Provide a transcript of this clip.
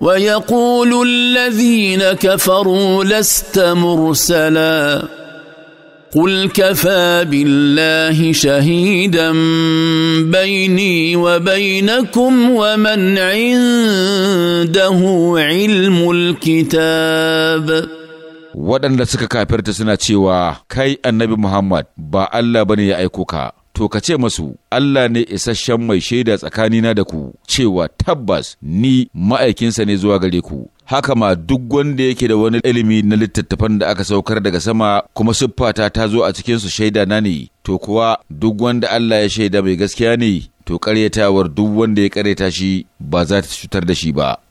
ويقول الذين كفروا لست مرسلا قل كفى بالله شهيدا بيني وبينكم ومن عنده علم الكتاب waɗanda suka kafirta suna cewa kai annabi Muhammad ba Allah bane ya aiko ka to ka ce masu Allah ne isasshen mai shaida tsakanina da ku cewa tabbas ni ma'aikinsa ne zuwa gare ku haka ma duk wanda yake da wani ilimi na littattafan da aka saukar daga sama kuma siffata ta zo a cikinsu shaida na ne to kuwa duk wanda Allah ya shaida mai gaskiya ne to karyatawar duk wanda ya karyata shi ba za ta cutar da shi ba